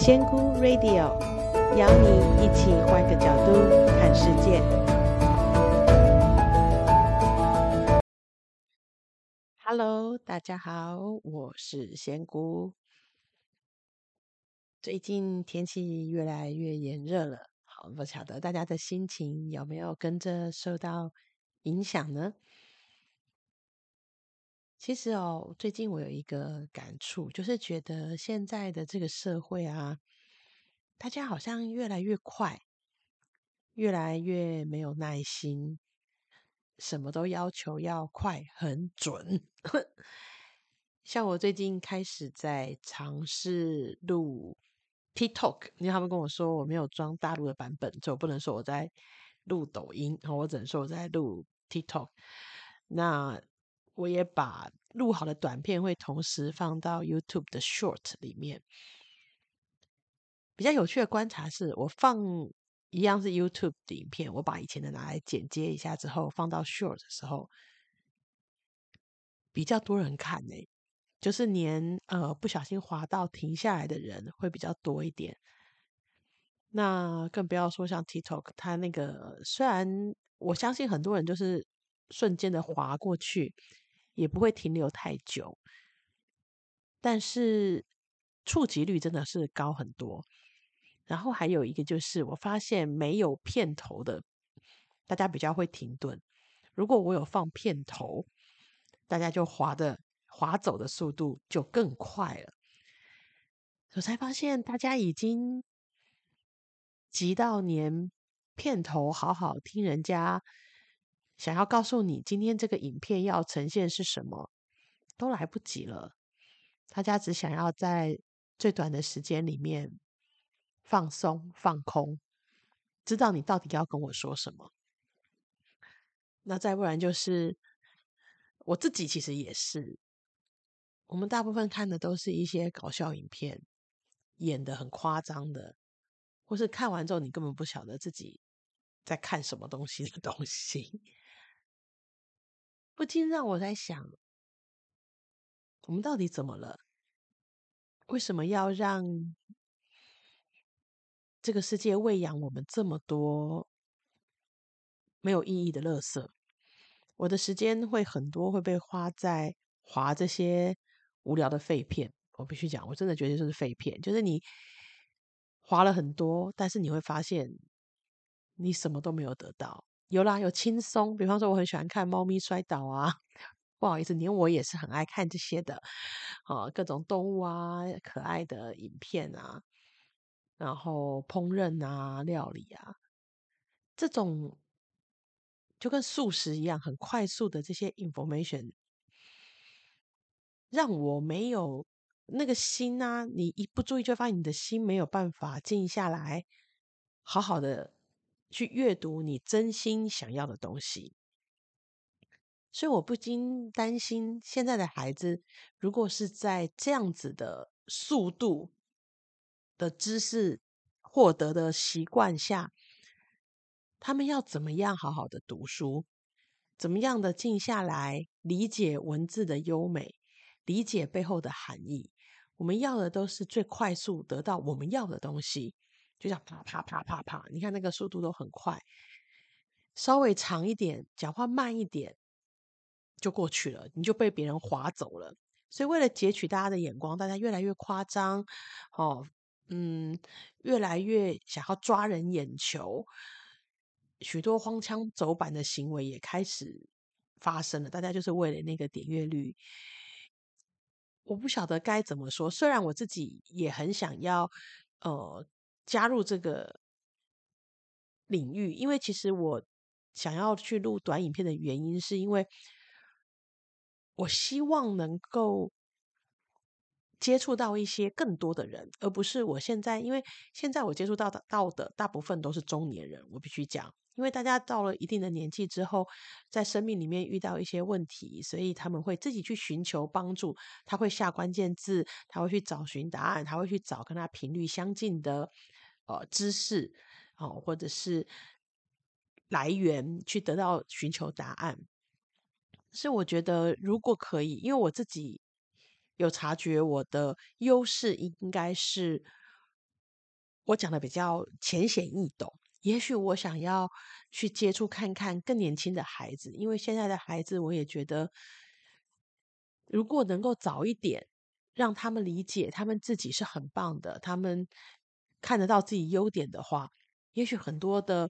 仙姑 Radio 邀你一起換個角度看世界。Hello，大家好，我是仙姑。最近天氣越來越炎熱了，好，不曉得，大家的心情有沒有跟着受到影響呢？其實哦，最近我有一個感觸，就是覺得現在的這個社會啊，大家好像越來越快，越來越沒有耐心，什麼都要求要快、很準。 像我最近開始在嘗試錄 TikTok，因為他們跟我說我沒有裝大陸的版本，所以我不能說我在錄抖音，我只能說我在錄 TikTok，那。我也把錄好的短片會同時放到 YouTube 的 Short 裡面。比較有趣的觀察是我放一樣是 YouTube 的影片，我把以前的拿來剪接一下之後放到 Short 的時候，比較多人看呢、欸，就是連呃不小心滑到停下來的人會比較多一點。那更不要說像 TikTok，它那個雖然我相信很多人就是瞬間的滑過去。也不會停留太久，但是觸及率真的是高很多。然後還有一個就是，我發現沒有片頭的，大家比較會停頓。如果我有放片頭，大家就滑的，滑走的速度就更快了。我才發現大家已經急到連片頭好好聽人家。想要告訴你今天這個影片要呈現是什麼，都來不及了。大家只想要在最短的時間裡面放鬆、放空，知道你到底要跟我說什麼。那再不然就是我自己，其實也是。我們大部分看的都是一些搞笑影片，演得很誇張的，或是看完之後你根本不曉得自己在看什麼東西的東西。不禁讓我在想，我們到底怎麼了？為什麼要讓這個世界餵養我們這麼多沒有意義的垃圾？我的時間會很多會被花在滑這些無聊的廢片。我必須講，我真的覺得就是廢片，就是你滑了很多，但是你會發現你什麼都沒有得到。有啦，有輕鬆，比方說我很喜歡看貓咪摔倒啊，不好意思，連我也是很愛看這些的，啊，各種動物啊，可愛的影片啊，然後烹飪啊，料理啊，這種就跟速食一樣，很快速的這些 information，讓我沒有那個心啊，你一不注意就會發現你的心沒有辦法靜下來，好好的。去閱讀你真心想要的東西，所以我不禁擔心，現在的孩子如果是在這樣子的速度的知識獲得的習慣下，他們要怎麼樣好好的讀書？怎麼樣的靜下來理解文字的優美，理解背後的含義？我們要的都是最快速得到我們要的東西。就像啪啪啪啪啪，你看那個速度都很快，稍微長一點，講話慢一點就過去了，你就被別人劃走了。所以為了截取大家的眼光，大家越來越誇張，哦，嗯，越來越想要抓人眼球，許多荒腔走板的行為也開始發生了。大家就是為了那個點閱率，我不曉得該怎麼說，雖然我自己也很想要，呃。加入這個領域，因為其實我想要去錄短影片的原因，是因為我希望能夠接觸到一些更多的人，而不是我現在。因為現在我接觸到的到的大部分都是中年人，我必須講，因為大家到了一定的年紀之後，在生命裡面遇到一些問題，所以他們會自己去尋求幫助，他會下關鍵字，他會去找尋答案，他會去找跟他頻率相近的。呃，知識啊、呃，或者是來源去得到尋求答案，是我覺得如果可以，因為我自己有察覺，我的優勢應該是我講的比較淺顯易懂。也許我想要去接觸看看更年輕的孩子，因為現在的孩子，我也覺得如果能夠早一點讓他們理解，他們自己是很棒的，他們。看得到自己優點的話，也許很多的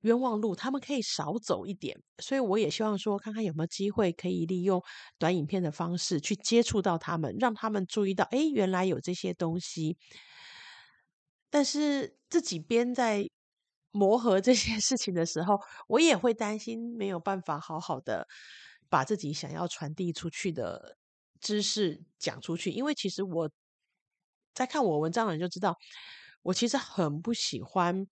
冤枉路他們可以少走一點。所以我也希望說，看看有沒有機會可以利用短影片的方式去接觸到他們，讓他們注意到，誒，原來有這些東西。但是自己邊在磨合這些事情的時候，我也會擔心沒有辦法好好的把自己想要傳遞出去的知識講出去，因為其實我。在看我文章的人就知道，我其實很不喜歡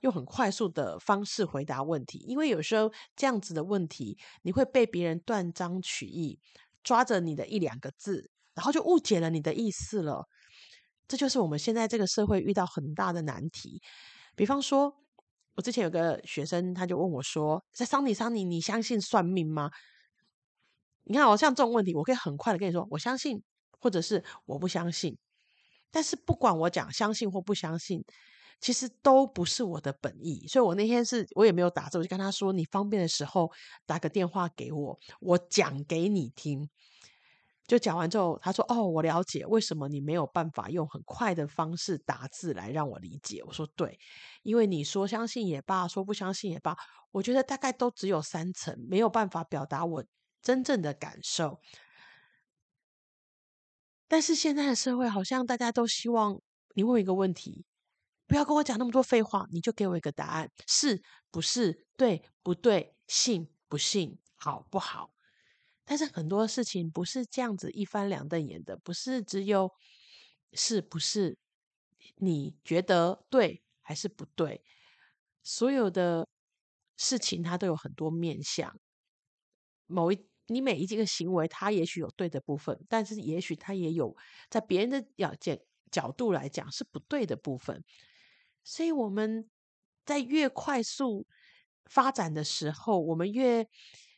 用很快速的方式回答問題，因為有時候這樣子的問題，你會被別人斷章取義，抓着你的一兩個字，然後就誤解了你的意思了。這就是我們現在這個社會遇到很大的難題。比方說，我之前有個學生，他就問我說：“在桑尼桑尼，你相信算命嗎？”你看好，好像這種問題，我可以很快的跟你說，我相信，或者是我不相信。但是不管我講相信或不相信，其實都不是我的本意。所以我那天是我也沒有打字，我就跟他說：“你方便的時候打個電話給我，我講給你聽。”就講完之後，他說：“哦，我了解為什麼你沒有辦法用很快的方式打字來讓我理解。”我說：“對，因為你說相信也罷，說不相信也罷，我覺得大概都只有三層，沒有辦法表達我真正的感受。”但是現在的社會好像大家都希望你問一個問題，不要跟我講那麼多廢話，你就給我一個答案，是不是？對不對？信不信？好不好？但是很多事情不是這樣子一翻兩瞪眼的，不是只有是不是，你覺得對還是不對？所有的事情它都有很多面向，某一。你每一個行為，它也許有對的部分，但是也許它也有在別人的要角角度來講是不對的部分。所以我們在越快速發展的時候，我們越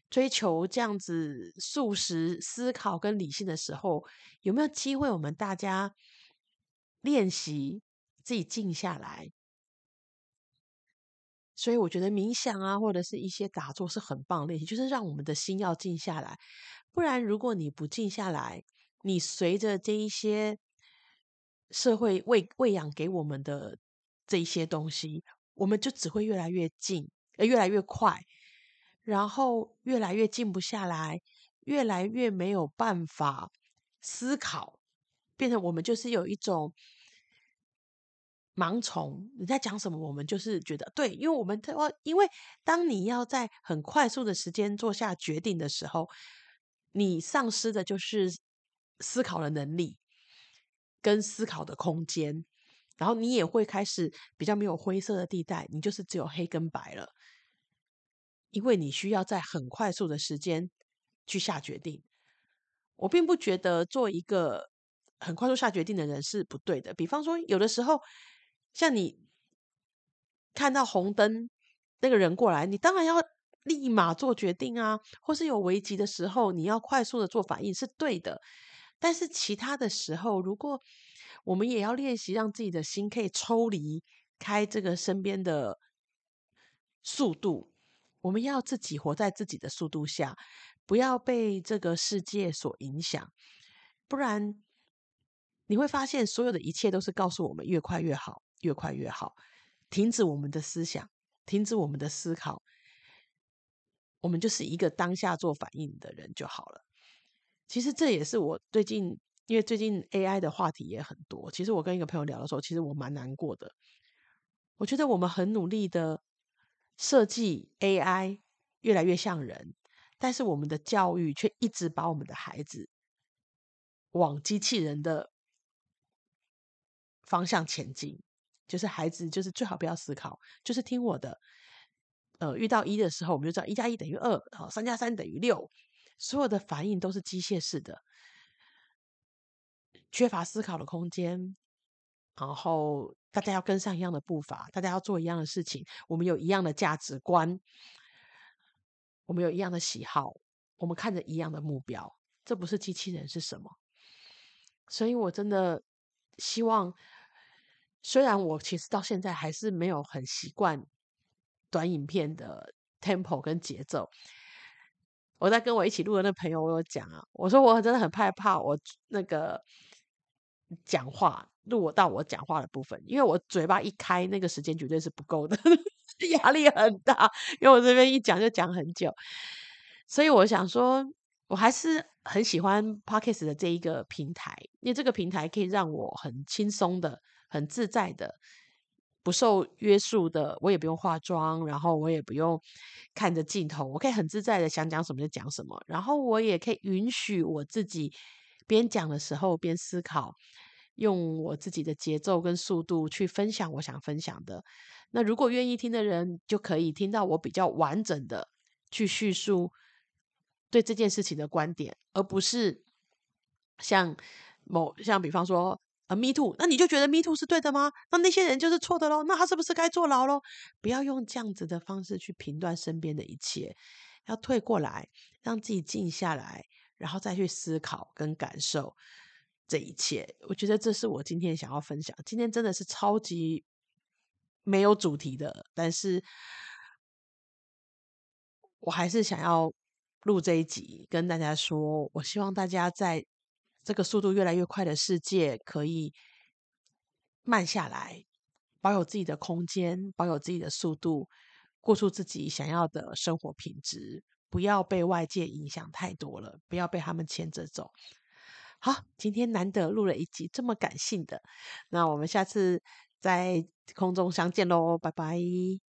追求這樣子速食思考跟理性的時候，有沒有機會我們大家練習自己靜下來？所以我覺得冥想啊，或者是一些打坐是很棒的練習，就是讓我們的心要靜下來。不然，如果你不靜下來，你隨着這一些社會餵餵養給我們的這一些東西，我們就只會越來越靜，呃，越來越快，然後越來越靜不下來，越來越沒有辦法思考，變成我們就是有一種。盲從，你在講什麼？我們就是覺得對，因為我們因為當你要在很快速的時間做下決定的時候，你喪失的就是思考的能力跟思考的空間，然後你也會開始比較沒有灰色的地帶，你就是只有黑跟白了，因為你需要在很快速的時間去下決定。我並不覺得做一個很快速下決定的人是不對的，比方說有的時候。像你看到紅燈那個人過來，你當然要立馬做決定啊，或是有危機的時候，你要快速的做反應是對的。但是其他的時候，如果我們也要練習讓自己的心可以抽離開這個身邊的速度，我們要自己活在自己的速度下，不要被這個世界所影響，不然你會發現所有的一切都是告訴我們越快越好。越快越好，停止我們的思想，停止我們的思考，我們就是一個當下做反應的人就好了。其實這也是我最近，因為最近 AI 的話題也很多，其實我跟一個朋友聊的時候，其實我蠻難過的。我覺得我們很努力的設計 AI 越來越像人，但是我們的教育卻一直把我們的孩子往機器人的方向前進。就是孩子，就是最好不要思考，就是聽我的。呃，遇到一的時候，我們就知道一加一等於二，三加三等於六，所有的反應都是機械式的，缺乏思考的空間。然後大家要跟上一樣的步伐，大家要做一樣的事情，我們有一樣的價值觀，我們有一樣的喜好，我們看着一樣的目標，這不是機器人是什麼？所以我真的希望。雖然我其實到現在還是沒有很習慣短影片的 tempo 跟節奏。我在跟我一起錄的那朋友我有講啊，我說我真的很害怕我那個講話錄我到我講話的部分，因為我嘴巴一開，那個時間絕對是不夠的， 壓力很大。因為我這邊一講就講很久，所以我想說，我還是很喜歡 Podcast 的這一個平台，因為這個平台可以讓我很輕鬆的。很自在的，不受約束的，我也不用化妝，然後我也不用看着鏡頭，我可以很自在的想講什麼就講什麼，然後我也可以允許我自己邊講的時候邊思考，用我自己的節奏跟速度去分享我想分享的。那如果願意聽的人，就可以聽到我比較完整的去敘述對這件事情的觀點，而不是像某像比方說。啊，me too，那你就覺得 me too 是對的嗎？那那些人就是錯的咯，那他是不是該坐牢咯？不要用這樣子的方式去評斷身邊的一切，要退過來，讓自己靜下來，然後再去思考跟感受這一切。我覺得這是我今天想要分享。今天真的是超級沒有主題的，但是我還是想要錄這一集，跟大家說，我希望大家在。這個速度越來越快的世界，可以慢下來，保有自己的空間，保有自己的速度，過出自己想要的生活品質，不要被外界影響太多了，不要被他們牽着走。好，今天難得錄了一集這麼感性的，那我們下次在空中相見嘍，拜拜。